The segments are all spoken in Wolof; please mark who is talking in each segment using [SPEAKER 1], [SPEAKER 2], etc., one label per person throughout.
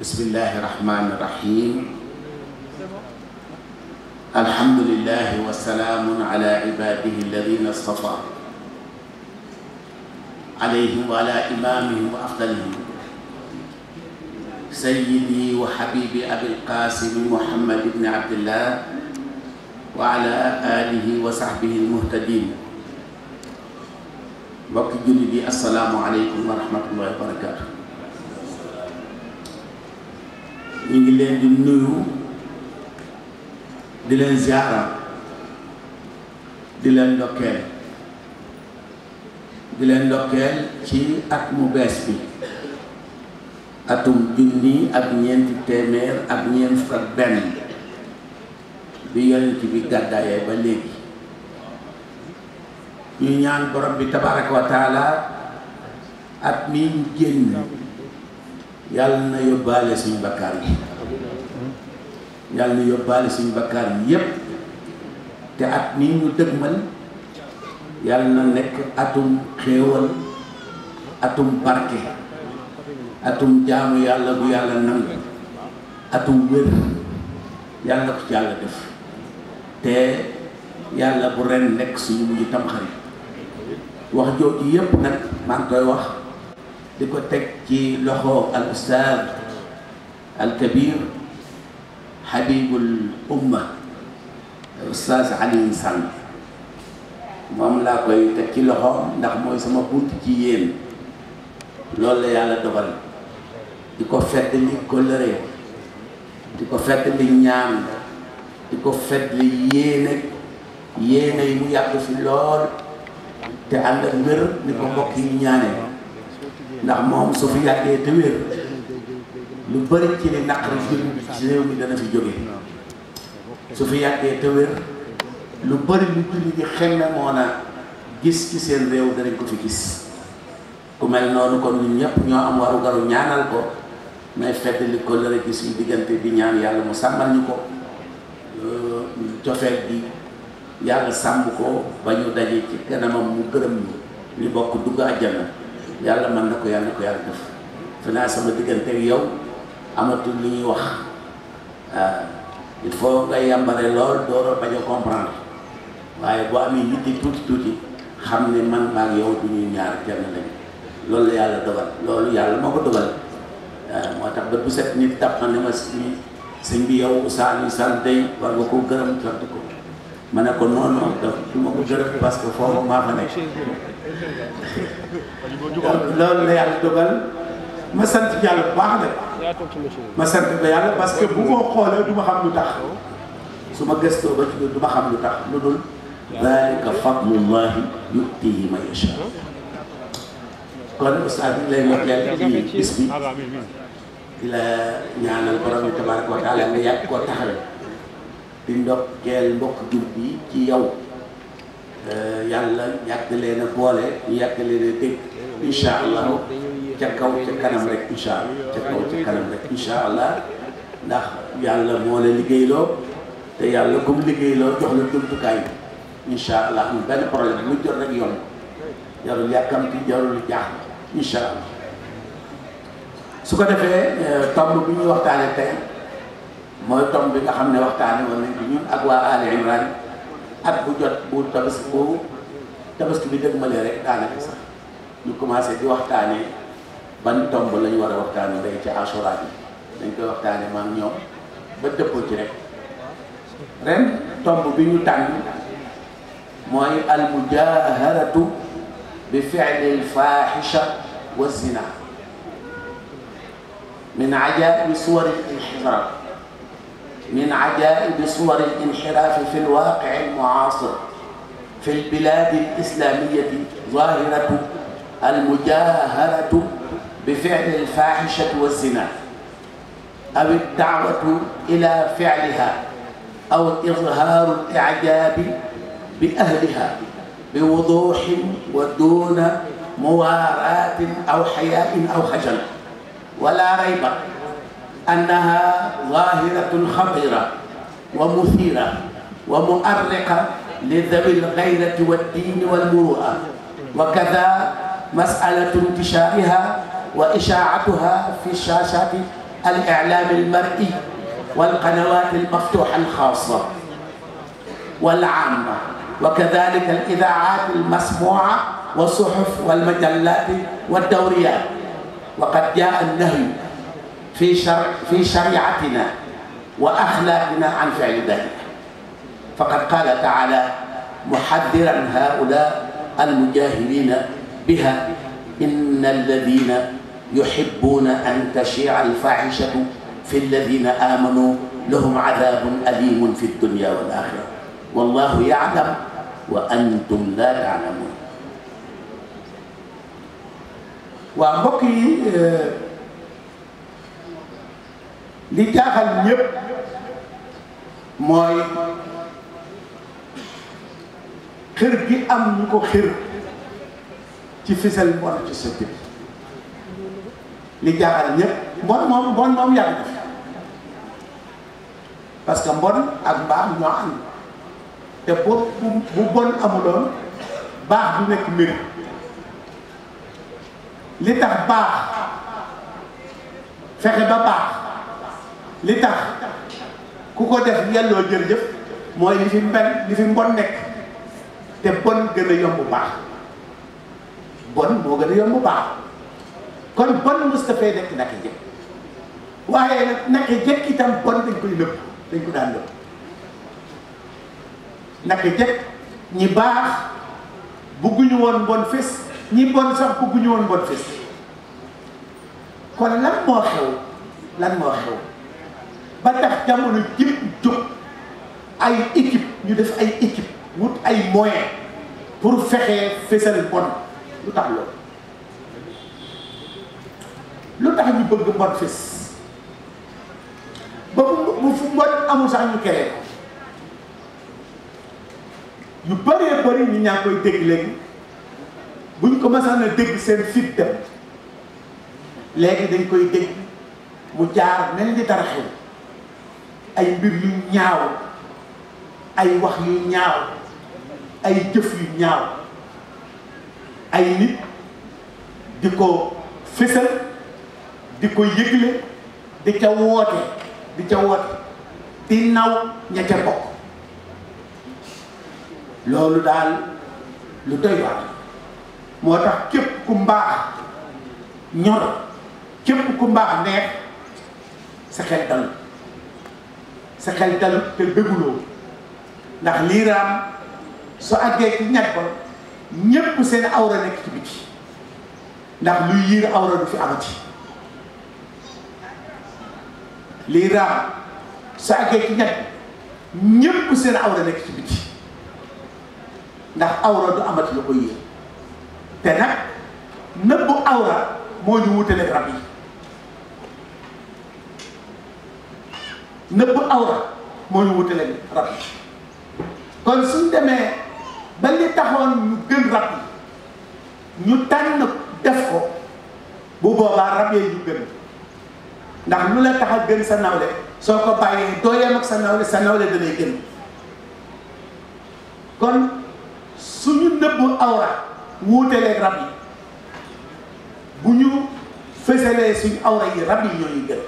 [SPEAKER 1] bismillahi rahmaani rahim alhamdulilahi wa salaamun ala ibadihi alladina stafa alayhim wa ala imamihim wa afdalihim sayyidi wa habibi abil qaasimi muhammad ibni abdillah wa ala alihi wa sahbihi almuhtadin mbokki julli bi assalaamu aleykum wa rahmatullahi wa barakatuh ñu ngi leen di nuyu di leen ziara di leen ndokkeel di leen ndokkeel ci at mu bees bi atum junni ak ñeenti téeméer ak ñeent fukk ak benn bi yonent bi gàddaayee ba léegi ñu ñaan borom bi tabaraka wa taala at mi génn yàlla na yóbbaale suñu bakkaar yi yàlla na yóbbaale suñu bakkaar yi yépp te at mu ñu man yàlla na nekk atum xéewal atum barke atum jaamu yàlla bu yàlla nangu atum wér yàlla ko ci yàlla def te yàlla bu ren nekk suñu mujj tamxarit wax jooju yépp nag maa ngi koy wax di ko teg ci loxo al ustaad al kabir habibul umma ustaaz Alioune Sall moom laa koy teg ci loxo ndax mooy sama bunt ci yéen loolu la yàlla dogal di ko fedd li kóllëre di ko fedd li ñaan di ko fedd li yéene yéene yi mu yàgg fi lool te am ak wér ni ko mbokk yi ñaanee ndax moom su fi yàggee te wér lu bëri ci li naqari jëm ci réew mi dana fi jóge su fi yàggee te wér lu bëri lu julli di xemme moo na gis ci seen réew danañ ko fi gis ku mel noonu kon ñun ñëpp ñoo am waru garu ñaanal ko may fedd li ko lëre gi suñu diggante bi ñaan yàlla mu sàmmal ñu ko euh, cofeet bi yàlla sàmm ko ba ñu daje ci kanamam mu gërëm ni bokk dugg ak àjjana yàlla mën na ko yàlla na ko yàlla def fi naa sama diggante ak yow amatul lu ñuy wax waaw ah, il faut nga yàmbare lool door a bañ a waaye boo amee yitte tuuti tuuti xam ne man maag yow bu ñuy ñaar kenn lañ loolu la yàlla dogal loolu yàlla moo ko dogal ah, moo tax ba bu set nit tàpp ne ma si sëñ bi yow Saalum Sall tey war nga ko gërëm sant ko ma ne ko non non du ma ko gërëm parce que foofu maa fa nekk. loolu la yàlla dogal ma sant yàlla bu baax nag ma sant la yàlla parce que bu ko xoolee du ma xam lu tax su ma gëstoo ba ci du ma xam lu tax lu dul dalika fadlullahi yutihi man yasha kon ustaas bi lay motteel ci bis bi di la ñaanal borom bi tabaraka wa taala nga yàgg koo taxawee di ndokkeel mbokk jur bi ci yow Euh, yàlla yàgg leen a boole ñu yàgg leen a dégg incha allah ca kaw ca kanam rek incha allah ndax yàlla moo la liggéeyloo te yàlla comme liggéeyloo jox la jumtukaay bi incha allah amul benn problème mu jot rek yoon jarul yàkkamti jarul jaax incha allah su ko defee euh, tomb bu ñuy waxtaane tey mooy tomb bi nga xam ne waxtaane woon nañ ko ñun ak waa Ali Imran at bu jot bu tabaski boobu tabaski bi dëgmalee rek daanaka sax ñu commencé di waxtaane ban tomb la ñu war a waxtaanee day ci asura dañ koy waxtaanee maam ñoom ba dëppoo rek ren tomb bi ñu tànn mooy al mujaharatu bi fi'li al fahisha wa zina min ajaa'ibi suwar al من عجائب صور الانحراف في الواقع المعاصر في البلاد الإسلامية ظاهرة المجاهرة بفعل الفاحشة والزنا أو الدعوة إلى فعلها أو إظهار الإعجاب بأهلها بوضوح ودون مواراة أو حياء أو خجل ولا ريب أنها ظاهرة خطيرة ومثيرة ومؤرقة لذوي الغيرة والدين والمروءة وكذا مسألة انتشارها وإشاعتها في الشاشات الإعلام المرئي والقنوات المفتوحة الخاصة والعامة وكذلك الإذاعات المسموعة والصحف والمجلات والدوريات وقد جاء النهي fi char fi chariatina wa axlaaqina an fi'li daalika faqad qaala taala muhaddiran haa'ulaa'i al-mujaahiriina bihaa inna alladiina yuhibbuuna an tashia al-faaxishatu fi alladiina aamanuu lahum cadaabun aliimun fi ddunya wal aaxira wallaahu ya'lamu wa antum laa ta'lamuun. waa mbokk yi. li jaaxal ñëpp mooy xër gi am ñu ko xër ci fisal mbon ci sa biir li jaaxal ñëpp mbon moom mbon moom yàgg na que mbon ak mbaax ñoo ànd te boobu bu bon amuloon baax du nekk mbir li tax baax fexe ba baax li tax ku ko def yelloo jërëjëf mooy li fi mben li fi mbon nekk te bon gën a yomb baax bon moo gën a yomb baax kon bon Moustapha nekk naka jëkk waaye nag naka jëkk itam bon dañ koy lëpp dañ ko daan lëpp naka jëkk ñi baax bugguñu woon bon fés ñi bon sax bugguñu woon bon fés kon lan moo xew lan moo xew ba tax jamono jëpp jóg ay équipe ñu def ay équipe wut ay moyen pour fexee fésal bon lu tax loolu lu tax ñu bëgg mbon fés ba mu fu mbon amul sax ñu keree yu bëree bëri ñu ñaa koy dégg léegi buñ ko masaan a dégg seen fit dem léegi dañ koy dégg mu jaar mel ni dara xew ay mbir yu ñaaw ay wax yu ñaaw ay jëf yu ñaaw ay nit di ko fësal di ko yëgle di ca woote di ca woote di naw ña ca bokk loolu daal lu doy waar moo tax képp ku mbaax ñor képp ku mbaax neex sa xel sa xel dalut te bëgguloo ndax lii raam su àggee ci ñag ba ñépp seen awra nekk ci biti ndax luy yiir awra du fi amati lii raam su àggee ci ñag ñépp seen awra nekk ci biti ndax awra du amati lu ko yiir te nag nëbbu awra moo ñu wutale rab yi nëbb awra moo ñu wutaleeg rab yi kon suñ demee ba li taxoon ñu gën rab yi ñu tànn def ko bu boobaa rab yee ñu gën ndax lu la tax a gën sa nawle soo ko bàyyee doo ak sa nawle sa nawle danay gën kon suñu nëbb awra wuutaleeg rab yi bu ñu fësalee suñu awra yi rab yi ñooñu gën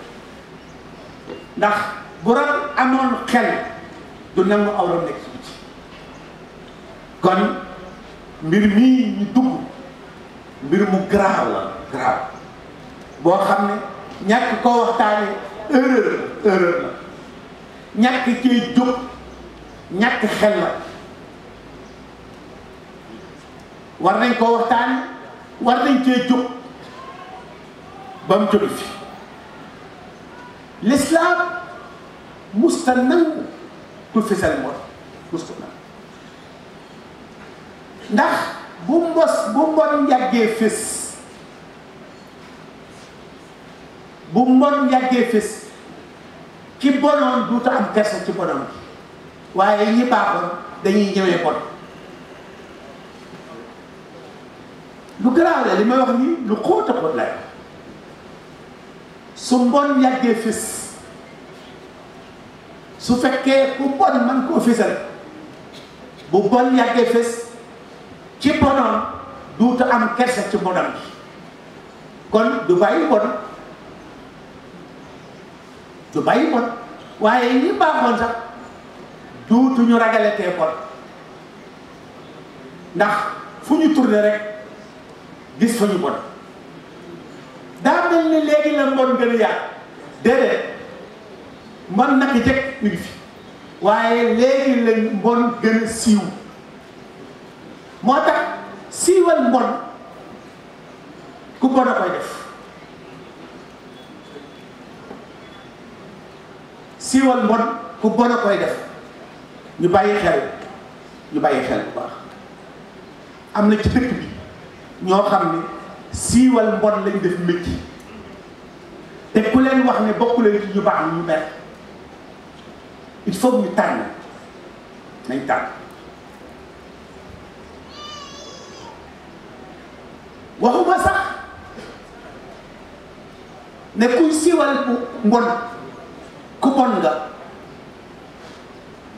[SPEAKER 1] ndax bu rab amoon xel du nangu awram nekk ci kon mbir mii ñu dugg mbir mu grave la grave boo xam ne ñàkk koo waxtaane erreur erreur la ñàkk cee jóg ñàkk xel la war nañ koo waxtaane war nañ cee jóg ba mu fi l'islam musta nangu ku fisal mbon musta nangu ndax bu mbos bu mbon yàggee fis bu mbon yàggee fis ki bonoon duuta am kersa ci bonoon bi waaye dañuy ñëwee bon lu garaaw la li may wax nii lu xóota xóot lay su mbon yàggee fis su fekkee ku bon man koo fésal bu bon yàggee fés ci bonoon duutu am kersa ci bonoon bi kon du bàyyi bon du bàyyi bon waaye ñi baaxoon sax duutu ñu ragale tee bon ndax fu ñu tourné rek gis fa ñu bon daa mel ni léegi la mbon gën a yàgg déedéet man naka jëkk mi ngi waaye léegi lañ mbon gën siiw moo tax siiwal mbon ku bon a koy def siiwal mbon ku bon a koy def ñu bàyyi xel ñu bàyyi xel bu baax am na ci dëkk bi ñoo xam ne siiwal mbon lañ def métti te ku leen wax ne bokk leen ci ñu baax ñu mer il faut ñu tànn nañ tànn waxuma sax ne kuy siiwal ku mbon ku bon nga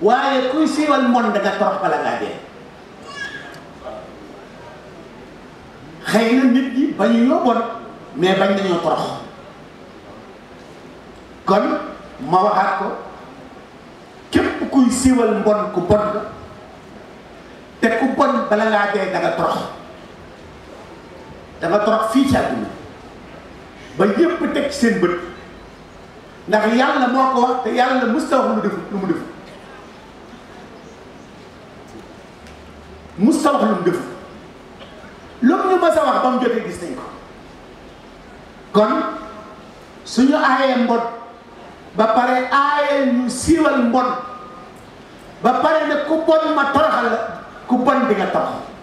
[SPEAKER 1] waaye kuy siiwal mbon da torox bala ngaa dee xëy na nit ñi bañu ñoo bon mais bañ nañoo torox kon ma waxaat ko kuy siiwal mbon ku bon la te ku bon bala ngaa dee da nga torox da nga torox fii ci àdduna ba yépp teg ci seen bët ndax yàlla moo ko wax te yàlla mës ta wax lu mu def lu mu def mës ta wax lu mu def lu mu ñu mës a wax ba mu jotee gis nañ ko kon suñu aayee mbon ba pare aayee ñu siiwal mbon ba pare ne ku bon ma toroxal la ku bon di nga torox